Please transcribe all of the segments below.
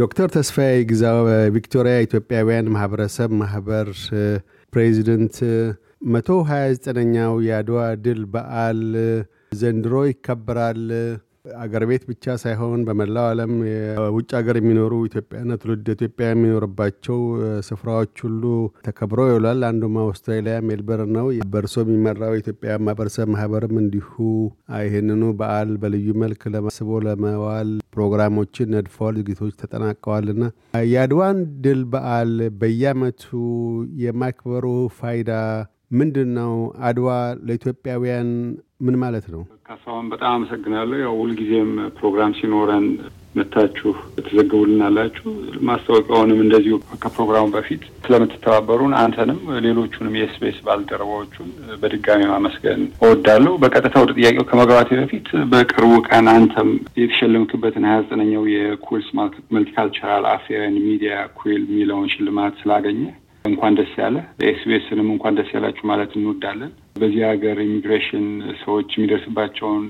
ዶክተር ተስፋዬ ግዛ ቪክቶሪያ ኢትዮጵያውያን ማህበረሰብ ማህበር ፕሬዚደንት መቶ 29ኛው የአድዋ ድል በዓል ዘንድሮ ይከበራል። አገር ቤት ብቻ ሳይሆን በመላው ዓለም ውጭ ሀገር የሚኖሩ ኢትዮጵያና ትውልድ ኢትዮጵያ የሚኖርባቸው ስፍራዎች ሁሉ ተከብረው ይውላል። አንዱም አውስትራሊያ ሜልበርን ነው። በእርሶ የሚመራው ኢትዮጵያ ማህበረሰብ ማህበርም እንዲሁ ይህንኑ በዓል በልዩ መልክ ለማስቦ ለመዋል ፕሮግራሞችን ነድፈዋል። ዝግጅቶች ተጠናቀዋልና የአድዋን ድል በዓል በየዓመቱ የማክበሩ ፋይዳ ምንድን ነው? አድዋ ለኢትዮጵያውያን ምን ማለት ነው? ካሳሁን በጣም አመሰግናለሁ። ያው ሁልጊዜም ፕሮግራም ሲኖረን መታችሁ ትዘግቡልናላችሁ። ማስታወቂያውንም እንደዚሁ ከፕሮግራሙ በፊት ስለምትተባበሩን አንተንም ሌሎቹንም የስፔስ ባልደረባዎቹን በድጋሚ ማመስገን እወዳለሁ። በቀጥታ ወደ ጥያቄው ከመግባቴ በፊት በቅርቡ ቀን አንተም የተሸለምክበትን ሀያ ዘጠነኛው የኩልስ መልቲካልቸራል አፌርን ሚዲያ ኩል የሚለውን ሽልማት ስላገኘ እንኳን ደስ ያለ። ኤስቢኤስንም እንኳን ደስ ያላችሁ ማለት እንወዳለን። በዚህ ሀገር ኢሚግሬሽን ሰዎች የሚደርስባቸውን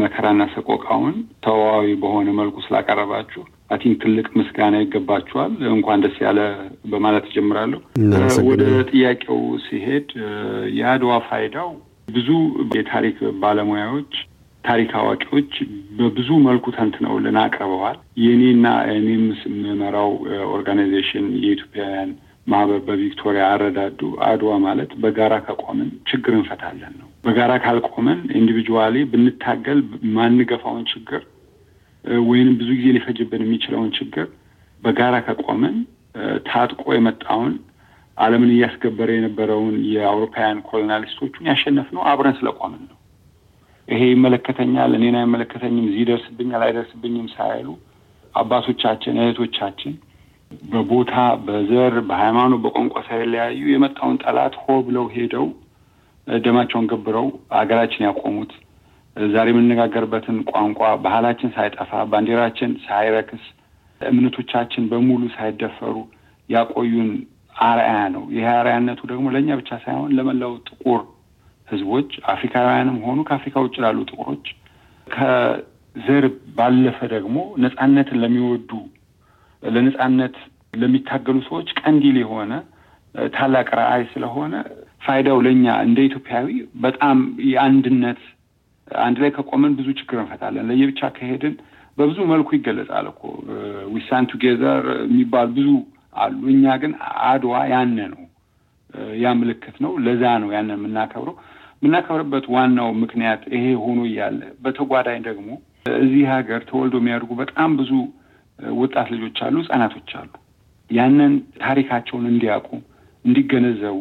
መከራና ሰቆቃውን ተዋዊ በሆነ መልኩ ስላቀረባችሁ አቲን ትልቅ ምስጋና ይገባችኋል። እንኳን ደስ ያለ በማለት እጀምራለሁ። ወደ ጥያቄው ሲሄድ የአድዋ ፋይዳው ብዙ የታሪክ ባለሙያዎች ታሪክ አዋቂዎች በብዙ መልኩ ተንትነውልን አቅርበዋል። የእኔና እኔም የምመራው ኦርጋናይዜሽን የኢትዮጵያውያን ማህበር በቪክቶሪያ አረዳዱ አድዋ ማለት በጋራ ከቆምን ችግር እንፈታለን ነው። በጋራ ካልቆመን ኢንዲቪጁዋሊ ብንታገል ማንገፋውን ችግር ወይንም ብዙ ጊዜ ሊፈጅብን የሚችለውን ችግር በጋራ ከቆምን ታጥቆ የመጣውን ዓለምን እያስገበረ የነበረውን የአውሮፓውያን ኮሎናሊስቶቹን ያሸነፍነው አብረን ስለቆምን ነው። ይሄ ይመለከተኛል፣ እኔን አይመለከተኝም፣ እዚህ ይደርስብኛል፣ አይደርስብኝም ሳይሉ አባቶቻችን እህቶቻችን በቦታ በዘር በሃይማኖት በቋንቋ ሳይለያዩ የመጣውን ጠላት ሆ ብለው ሄደው ደማቸውን ገብረው ሀገራችን ያቆሙት ዛሬ የምንነጋገርበትን ቋንቋ ባህላችን ሳይጠፋ ባንዲራችን ሳይረክስ እምነቶቻችን በሙሉ ሳይደፈሩ ያቆዩን አርአያ ነው። ይህ አርአያነቱ ደግሞ ለእኛ ብቻ ሳይሆን ለመላው ጥቁር ህዝቦች አፍሪካውያንም ሆኑ ከአፍሪካ ውጭ ላሉ ጥቁሮች ከዘር ባለፈ ደግሞ ነጻነትን ለሚወዱ ለነጻነት ለሚታገሉ ሰዎች ቀንዲል የሆነ ታላቅ ረአይ ስለሆነ ፋይዳው ለእኛ እንደ ኢትዮጵያዊ በጣም የአንድነት አንድ ላይ ከቆመን ብዙ ችግር እንፈታለን። ለየብቻ ከሄድን በብዙ መልኩ ይገለጻል እኮ ዊሳን ቱጌዘር የሚባል ብዙ አሉ። እኛ ግን አድዋ ያነ ነው፣ ያ ምልክት ነው። ለዛ ነው ያነ የምናከብረው። የምናከብርበት ዋናው ምክንያት ይሄ ሆኖ እያለ በተጓዳኝ ደግሞ እዚህ ሀገር ተወልዶ የሚያድጉ በጣም ብዙ ወጣት ልጆች አሉ፣ ህጻናቶች አሉ። ያንን ታሪካቸውን እንዲያውቁ እንዲገነዘቡ፣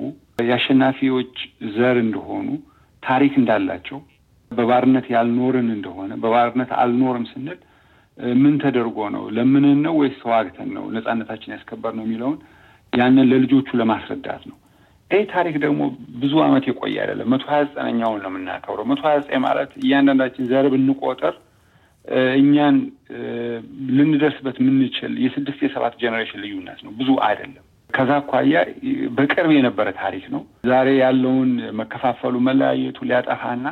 የአሸናፊዎች ዘር እንደሆኑ ታሪክ እንዳላቸው በባርነት ያልኖርን እንደሆነ በባርነት አልኖርም ስንል ምን ተደርጎ ነው ለምንን ነው ወይስ ተዋግተን ነው ነጻነታችን ያስከበር ነው የሚለውን ያንን ለልጆቹ ለማስረዳት ነው። ይህ ታሪክ ደግሞ ብዙ ዓመት የቆየ አይደለም። መቶ ሀያ ዘጠነኛውን ነው የምናከብረው። መቶ ሀያ ዘጠኝ ማለት እያንዳንዳችን ዘር ብንቆጠር እኛን ልንደርስበት የምንችል የስድስት የሰባት ጀኔሬሽን ልዩነት ነው፣ ብዙ አይደለም። ከዛ አኳያ በቅርብ የነበረ ታሪክ ነው። ዛሬ ያለውን መከፋፈሉ፣ መለያየቱ ሊያጠፋና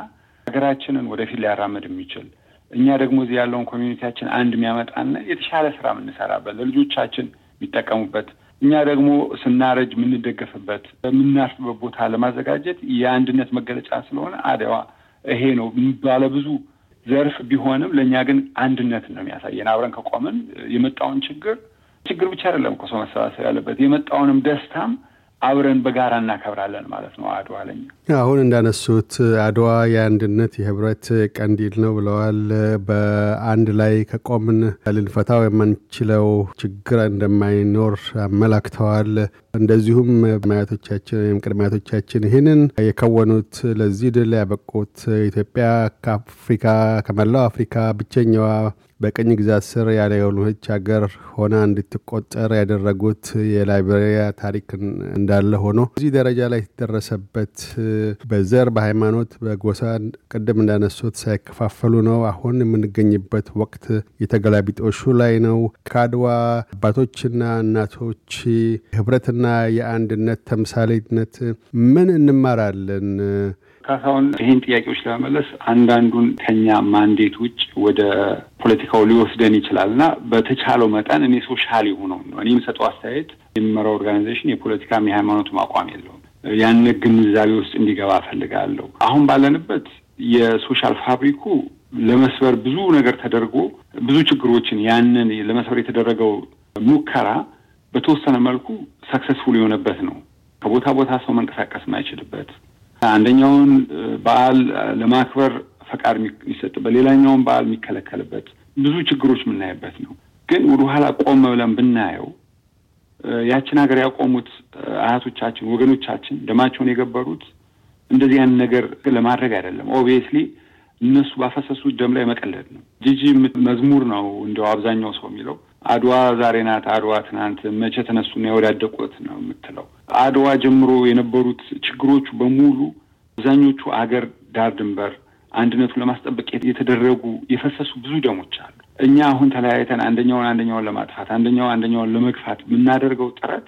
ሀገራችንን ወደፊት ሊያራምድ የሚችል እኛ ደግሞ እዚህ ያለውን ኮሚኒቲያችን አንድ የሚያመጣና የተሻለ ስራ የምንሰራበት ለልጆቻችን የሚጠቀሙበት እኛ ደግሞ ስናረጅ የምንደገፍበት የምናርፍበት ቦታ ለማዘጋጀት የአንድነት መገለጫ ስለሆነ አደዋ ይሄ ነው ባለብዙ ዘርፍ ቢሆንም ለእኛ ግን አንድነትን ነው የሚያሳየን። አብረን ከቆምን የመጣውን ችግር ችግር ብቻ አይደለም እኮ ሰው መሰባሰብ ያለበት የመጣውንም ደስታም አብረን በጋራ እናከብራለን ማለት ነው አድዋ ለኛ አሁን እንዳነሱት አድዋ የአንድነት የህብረት ቀንዲል ነው ብለዋል። በአንድ ላይ ከቆምን ልንፈታው የማንችለው ችግር እንደማይኖር አመላክተዋል። እንደዚሁም ማያቶቻችን ወይም ቅድማያቶቻችን ይህንን የከወኑት ለዚህ ድል ያበቁት ኢትዮጵያ ከአፍሪካ ከመላው አፍሪካ ብቸኛዋ በቅኝ ግዛት ስር ያለ የሆነች ሀገር ሆና እንድትቆጠር ያደረጉት የላይብሬሪያ ታሪክ እንዳለ ሆኖ እዚህ ደረጃ ላይ የተደረሰበት በዘር፣ በሃይማኖት፣ በጎሳ ቅድም እንዳነሱት ሳይከፋፈሉ ነው። አሁን የምንገኝበት ወቅት የተገላቢጦሹ ላይ ነው። ከአድዋ አባቶችና እናቶች ህብረትና የአንድነት ተምሳሌነት ምን እንማራለን? ካሳሁን ይህን ጥያቄዎች ለመመለስ አንዳንዱን ከኛ ማንዴት ውጭ ወደ ፖለቲካው ሊወስደን ይችላል እና በተቻለው መጠን እኔ ሶሻል የሆነው ነው እኔ የምሰጠው አስተያየት የሚመራው ኦርጋናይዜሽን የፖለቲካም የሃይማኖትም አቋም የለውም። ያን ግንዛቤ ውስጥ እንዲገባ እፈልጋለሁ። አሁን ባለንበት የሶሻል ፋብሪኩ ለመስበር ብዙ ነገር ተደርጎ ብዙ ችግሮችን ያንን ለመስበር የተደረገው ሙከራ በተወሰነ መልኩ ሰክሰስፉል የሆነበት ነው። ከቦታ ቦታ ሰው መንቀሳቀስ የማይችልበት አንደኛውን በዓል ለማክበር ፈቃድ የሚሰጥበት፣ ሌላኛውን በዓል የሚከለከልበት ብዙ ችግሮች የምናይበት ነው። ግን ወደኋላ ቆም ብለን ብናየው ያችን ሀገር ያቆሙት አያቶቻችን፣ ወገኖቻችን ደማቸውን የገበሩት እንደዚህ ያን ነገር ለማድረግ አይደለም። ኦብቪየስሊ እነሱ ባፈሰሱት ደም ላይ መቀለድ ነው። ጂጂ መዝሙር ነው እንዲያው አብዛኛው ሰው የሚለው አድዋ ዛሬ ናት፣ አድዋ ትናንት፣ መቼ ተነሱና የወዳደቁት ነው የምትለው። አድዋ ጀምሮ የነበሩት ችግሮቹ በሙሉ አብዛኞቹ አገር ዳር ድንበር አንድነቱን ለማስጠበቅ የተደረጉ የፈሰሱ ብዙ ደሞች አሉ። እኛ አሁን ተለያይተን አንደኛውን አንደኛውን ለማጥፋት አንደኛው አንደኛውን ለመግፋት የምናደርገው ጥረት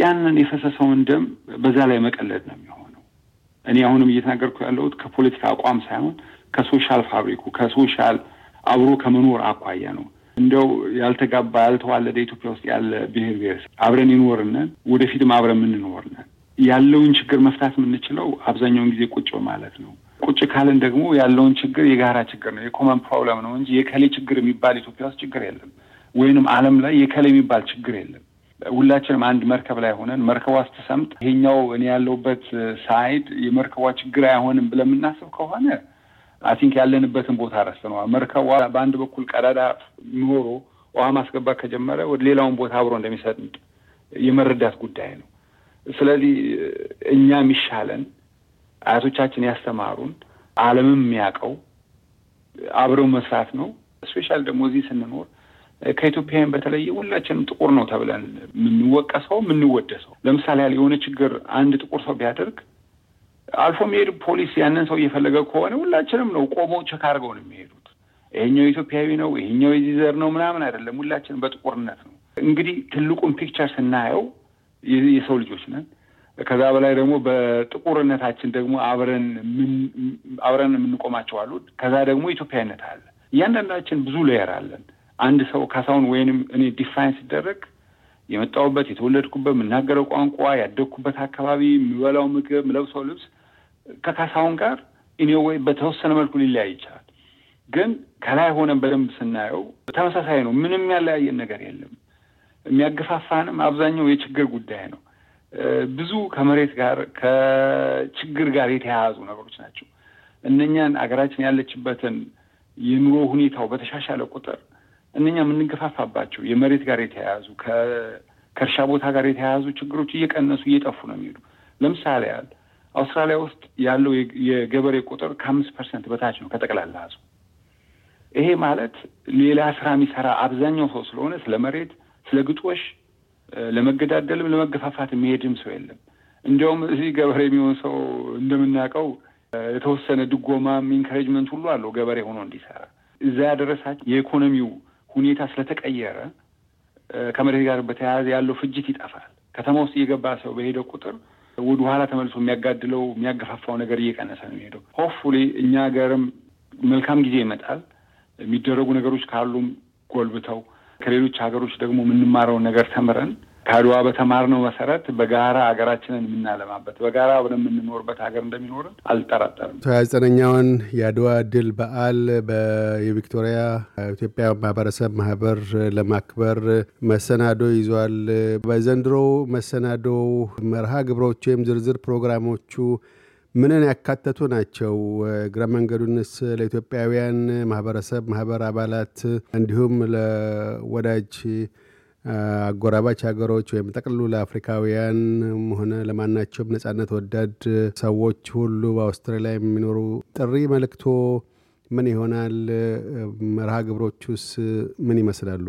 ያንን የፈሰሰውን ደም በዛ ላይ መቀለድ ነው የሚሆነው። እኔ አሁንም እየተናገርኩ ያለሁት ከፖለቲካ አቋም ሳይሆን ከሶሻል ፋብሪኩ ከሶሻል አብሮ ከመኖር አኳያ ነው። እንደው ያልተጋባ ያልተዋለደ ኢትዮጵያ ውስጥ ያለ ብሔር ብሔር አብረን ይኖርነን ወደፊትም አብረን የምንኖርነን ያለውን ችግር መፍታት የምንችለው አብዛኛውን ጊዜ ቁጭ ማለት ነው። ቁጭ ካልን ደግሞ ያለውን ችግር የጋራ ችግር ነው፣ የኮመን ፕሮብለም ነው እንጂ የከሌ ችግር የሚባል ኢትዮጵያ ውስጥ ችግር የለም፣ ወይንም ዓለም ላይ የከሌ የሚባል ችግር የለም። ሁላችንም አንድ መርከብ ላይ ሆነን መርከቧ ስትሰምጥ ይሄኛው እኔ ያለሁበት ሳይድ የመርከቧ ችግር አይሆንም ብለን የምናስብ ከሆነ አይ ቲንክ ያለንበትን ቦታ ረስተነዋል። መርከቧ በአንድ በኩል ቀዳዳ ኖሮ ውሃ ማስገባት ከጀመረ ወደ ሌላውን ቦታ አብሮ እንደሚሰጥ የመረዳት ጉዳይ ነው። ስለዚህ እኛ የሚሻለን አያቶቻችን ያስተማሩን ዓለምም የሚያውቀው አብረው መስራት ነው። ስፔሻል ደግሞ እዚህ ስንኖር ከኢትዮጵያውያን በተለየ ሁላችንም ጥቁር ነው ተብለን የምንወቀሰው የምንወደሰው። ለምሳሌ ያህል የሆነ ችግር አንድ ጥቁር ሰው ቢያደርግ አልፎ የሚሄድ ፖሊስ ያንን ሰው እየፈለገ ከሆነ ሁላችንም ነው ቆሞ ቸክ አድርገው ነው የሚሄዱት። ይሄኛው ኢትዮጵያዊ ነው፣ ይሄኛው የዚህ ዘር ነው ምናምን አይደለም። ሁላችንም በጥቁርነት ነው። እንግዲህ ትልቁን ፒክቸር ስናየው የሰው ልጆች ነን። ከዛ በላይ ደግሞ በጥቁርነታችን ደግሞ አብረን አብረን የምንቆማቸው አሉ። ከዛ ደግሞ ኢትዮጵያዊነት አለ። እያንዳንዳችን ብዙ ሌየር አለን። አንድ ሰው ካሳሁን ወይንም እኔ ዲፋይን ሲደረግ የመጣሁበት፣ የተወለድኩበት፣ የምናገረው ቋንቋ፣ ያደግኩበት አካባቢ፣ የሚበላው ምግብ፣ የምለብሰው ልብስ ከካሳሁን ጋር እኔ ወይ በተወሰነ መልኩ ሊለያይ ይችላል። ግን ከላይ ሆነን በደንብ ስናየው ተመሳሳይ ነው። ምንም ያለያየን ነገር የለም። የሚያገፋፋንም አብዛኛው የችግር ጉዳይ ነው። ብዙ ከመሬት ጋር ከችግር ጋር የተያያዙ ነገሮች ናቸው። እነኛን አገራችን ያለችበትን የኑሮ ሁኔታው በተሻሻለ ቁጥር እነኛ የምንገፋፋባቸው የመሬት ጋር የተያያዙ ከእርሻ ቦታ ጋር የተያያዙ ችግሮች እየቀነሱ እየጠፉ ነው የሚሄዱ። ለምሳሌ ያህል አውስትራሊያ ውስጥ ያለው የገበሬ ቁጥር ከአምስት ፐርሰንት በታች ነው ከጠቅላላ ሕዝቡ። ይሄ ማለት ሌላ ስራ የሚሰራ አብዛኛው ሰው ስለሆነ ስለ መሬት፣ ስለ ግጦሽ፣ ለመገዳደልም ለመገፋፋት የሚሄድም ሰው የለም። እንዲያውም እዚህ ገበሬ የሚሆን ሰው እንደምናውቀው የተወሰነ ድጎማም ኢንካሬጅመንት ሁሉ አለው ገበሬ ሆኖ እንዲሰራ። እዛ ያደረሳት የኢኮኖሚው ሁኔታ ስለተቀየረ ከመሬት ጋር በተያያዘ ያለው ፍጅት ይጠፋል። ከተማ ውስጥ እየገባ ሰው በሄደ ቁጥር ወደ ኋላ ተመልሶ የሚያጋድለው የሚያገፋፋው ነገር እየቀነሰ ነው የሚሄደው። ሆፕፉሊ እኛ ሀገርም መልካም ጊዜ ይመጣል። የሚደረጉ ነገሮች ካሉም ጎልብተው ከሌሎች ሀገሮች ደግሞ የምንማረውን ነገር ተምረን ከአድዋ በተማርነው መሰረት በጋራ ሀገራችንን የምናለማበት በጋራ አብረን የምንኖርበት ሀገር እንደሚኖርን አልጠራጠርም። ሀያ ዘጠነኛውን የአድዋ ድል በዓል የቪክቶሪያ ኢትዮጵያ ማህበረሰብ ማህበር ለማክበር መሰናዶ ይዟል። በዘንድሮ መሰናዶ መርሃ ግብሮች ወይም ዝርዝር ፕሮግራሞቹ ምንን ያካተቱ ናቸው? እግረ መንገዱንስ ለኢትዮጵያውያን ማህበረሰብ ማህበር አባላት እንዲሁም ለወዳጅ አጎራባች ሀገሮች ወይም ጠቅሉ ለአፍሪካውያን ሆነ ለማናቸውም ነጻነት ወዳድ ሰዎች ሁሉ በአውስትራሊያ የሚኖሩ ጥሪ መልእክቶ ምን ይሆናል? መርሃ ግብሮቹስ ምን ይመስላሉ?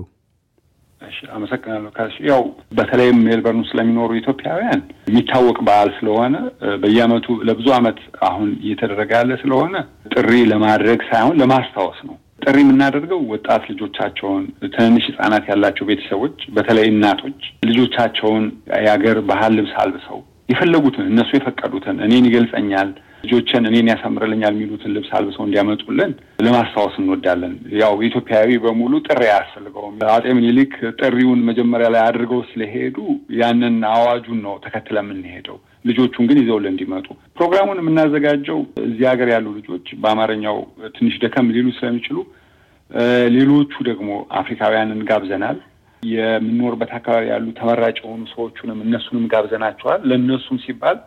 አመሰግናለሁ ካሽ። ያው በተለይም ሜልበርን ውስጥ ኢትዮጵያውያን የሚታወቅ በዓል ስለሆነ በየአመቱ ለብዙ ዓመት አሁን እየተደረገ ያለ ስለሆነ ጥሪ ለማድረግ ሳይሆን ለማስታወስ ነው። ጥሪ የምናደርገው ወጣት ልጆቻቸውን፣ ትንንሽ ህጻናት ያላቸው ቤተሰቦች፣ በተለይ እናቶች ልጆቻቸውን የሀገር ባህል ልብስ አልብሰው የፈለጉትን እነሱ የፈቀዱትን እኔን ይገልጸኛል ልጆችን እኔን ያሳምርልኛል የሚሉትን ልብስ አልብሰው እንዲያመጡልን ለማስታወስ እንወዳለን። ያው ኢትዮጵያዊ በሙሉ ጥሪ አያስፈልገውም። አጤ ምኒልክ ጥሪውን መጀመሪያ ላይ አድርገው ስለሄዱ ያንን አዋጁን ነው ተከትለ የምንሄደው። ልጆቹን ግን ይዘውልን እንዲመጡ ፕሮግራሙን የምናዘጋጀው እዚህ ሀገር ያሉ ልጆች በአማርኛው ትንሽ ደከም ሊሉ ስለሚችሉ ሌሎቹ ደግሞ አፍሪካውያንን ጋብዘናል። የምንኖርበት አካባቢ ያሉ ተመራጭ የሆኑ ሰዎቹንም እነሱንም ጋብዘናቸዋል። ለእነሱም ሲባል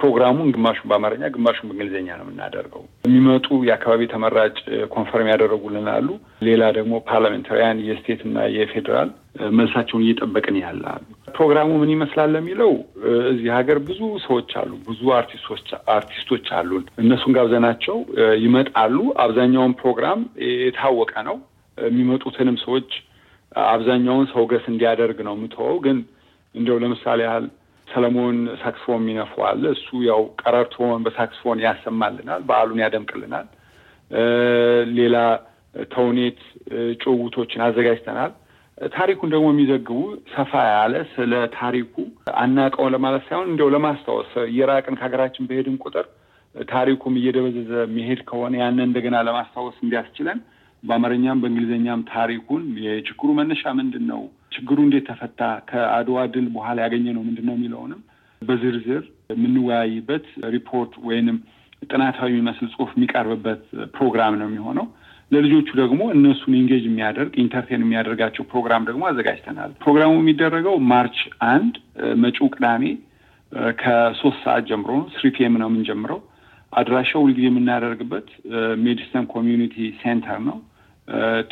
ፕሮግራሙን ግማሹን በአማርኛ ግማሹን በእንግሊዝኛ ነው የምናደርገው። የሚመጡ የአካባቢ ተመራጭ ኮንፈርም ያደረጉልን አሉ። ሌላ ደግሞ ፓርላሜንታሪያን የስቴትና የፌዴራል መልሳቸውን እየጠበቅን ያለ አሉ። ፕሮግራሙ ምን ይመስላል ለሚለው እዚህ ሀገር ብዙ ሰዎች አሉ፣ ብዙ አርቲስቶች አርቲስቶች አሉን። እነሱን ጋብዘናቸው ይመጣሉ። አብዛኛውን ፕሮግራም የታወቀ ነው። የሚመጡትንም ሰዎች አብዛኛውን ሰው ገስ እንዲያደርግ ነው የምትወው ግን እንደው ለምሳሌ ያህል ሰለሞን ሳክስፎን የሚነፋው አለ። እሱ ያው ቀረርቶን በሳክስፎን ያሰማልናል፣ በዓሉን ያደምቅልናል። ሌላ ተውኔት ጭውውቶችን አዘጋጅተናል። ታሪኩን ደግሞ የሚዘግቡ ሰፋ ያለ ስለ ታሪኩ አናውቀውን ለማለት ሳይሆን እንዲያው ለማስታወስ እየራቅን ከሀገራችን በሄድን ቁጥር ታሪኩም እየደበዘዘ መሄድ ከሆነ ያንን እንደገና ለማስታወስ እንዲያስችለን በአማርኛም በእንግሊዝኛም ታሪኩን የችግሩ መነሻ ምንድን ነው፣ ችግሩ እንዴት ተፈታ፣ ከአድዋ ድል በኋላ ያገኘ ነው ምንድን ነው የሚለውንም በዝርዝር የምንወያይበት ሪፖርት ወይንም ጥናታዊ የሚመስል ጽሁፍ የሚቀርብበት ፕሮግራም ነው የሚሆነው። ለልጆቹ ደግሞ እነሱን ኢንጌጅ የሚያደርግ ኢንተርቴን የሚያደርጋቸው ፕሮግራም ደግሞ አዘጋጅተናል። ፕሮግራሙ የሚደረገው ማርች አንድ መጪው ቅዳሜ ከሶስት ሰዓት ጀምሮ ነው። ስሪ ፒ ነው የምንጀምረው። አድራሻው ሁልጊዜ የምናደርግበት ሜዲሰን ኮሚዩኒቲ ሴንተር ነው።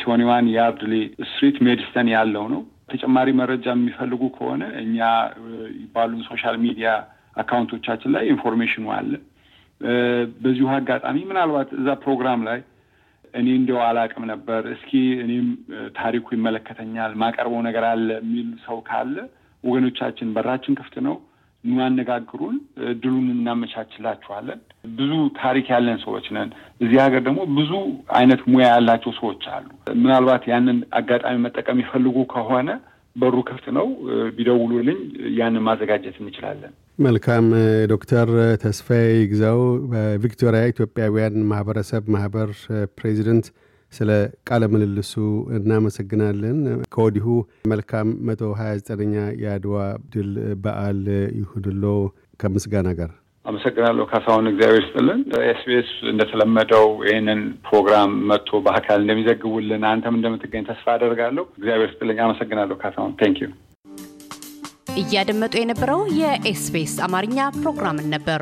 ቶኒዋን የአብድሊ ስትሪት ሜዲስተን ያለው ነው። ተጨማሪ መረጃ የሚፈልጉ ከሆነ እኛ ባሉን ሶሻል ሚዲያ አካውንቶቻችን ላይ ኢንፎርሜሽኑ አለ። በዚሁ አጋጣሚ ምናልባት እዛ ፕሮግራም ላይ እኔ እንዲያው አላቅም ነበር፣ እስኪ እኔም ታሪኩ ይመለከተኛል፣ ማቀርበው ነገር አለ የሚል ሰው ካለ ወገኖቻችን በራችን ክፍት ነው። የሚያነጋግሩን እድሉን እናመቻችላችኋለን። ብዙ ታሪክ ያለን ሰዎች ነን። እዚህ ሀገር ደግሞ ብዙ አይነት ሙያ ያላቸው ሰዎች አሉ። ምናልባት ያንን አጋጣሚ መጠቀም ይፈልጉ ከሆነ በሩ ክፍት ነው። ቢደውሉልኝ ያንን ማዘጋጀት እንችላለን። መልካም። ዶክተር ተስፋዬ ይግዛው በቪክቶሪያ ኢትዮጵያውያን ማህበረሰብ ማህበር ፕሬዚደንት ስለ ቃለ ምልልሱ እናመሰግናለን። ከወዲሁ መልካም መቶ ሀያ ኛ የአድዋ ድል በዓል ይሁንሎ ከምስጋና ጋር አመሰግናለሁ ካሳሁን፣ እግዚአብሔር ስጥልን። ኤስቢኤስ እንደተለመደው ይህንን ፕሮግራም መጥቶ በአካል እንደሚዘግቡልን አንተም እንደምትገኝ ተስፋ አደርጋለሁ። እግዚአብሔር ስጥልኝ። አመሰግናለሁ ካሳሁን። ቴንክ ዩ። እያደመጡ የነበረው የኤስቢኤስ አማርኛ ፕሮግራምን ነበር።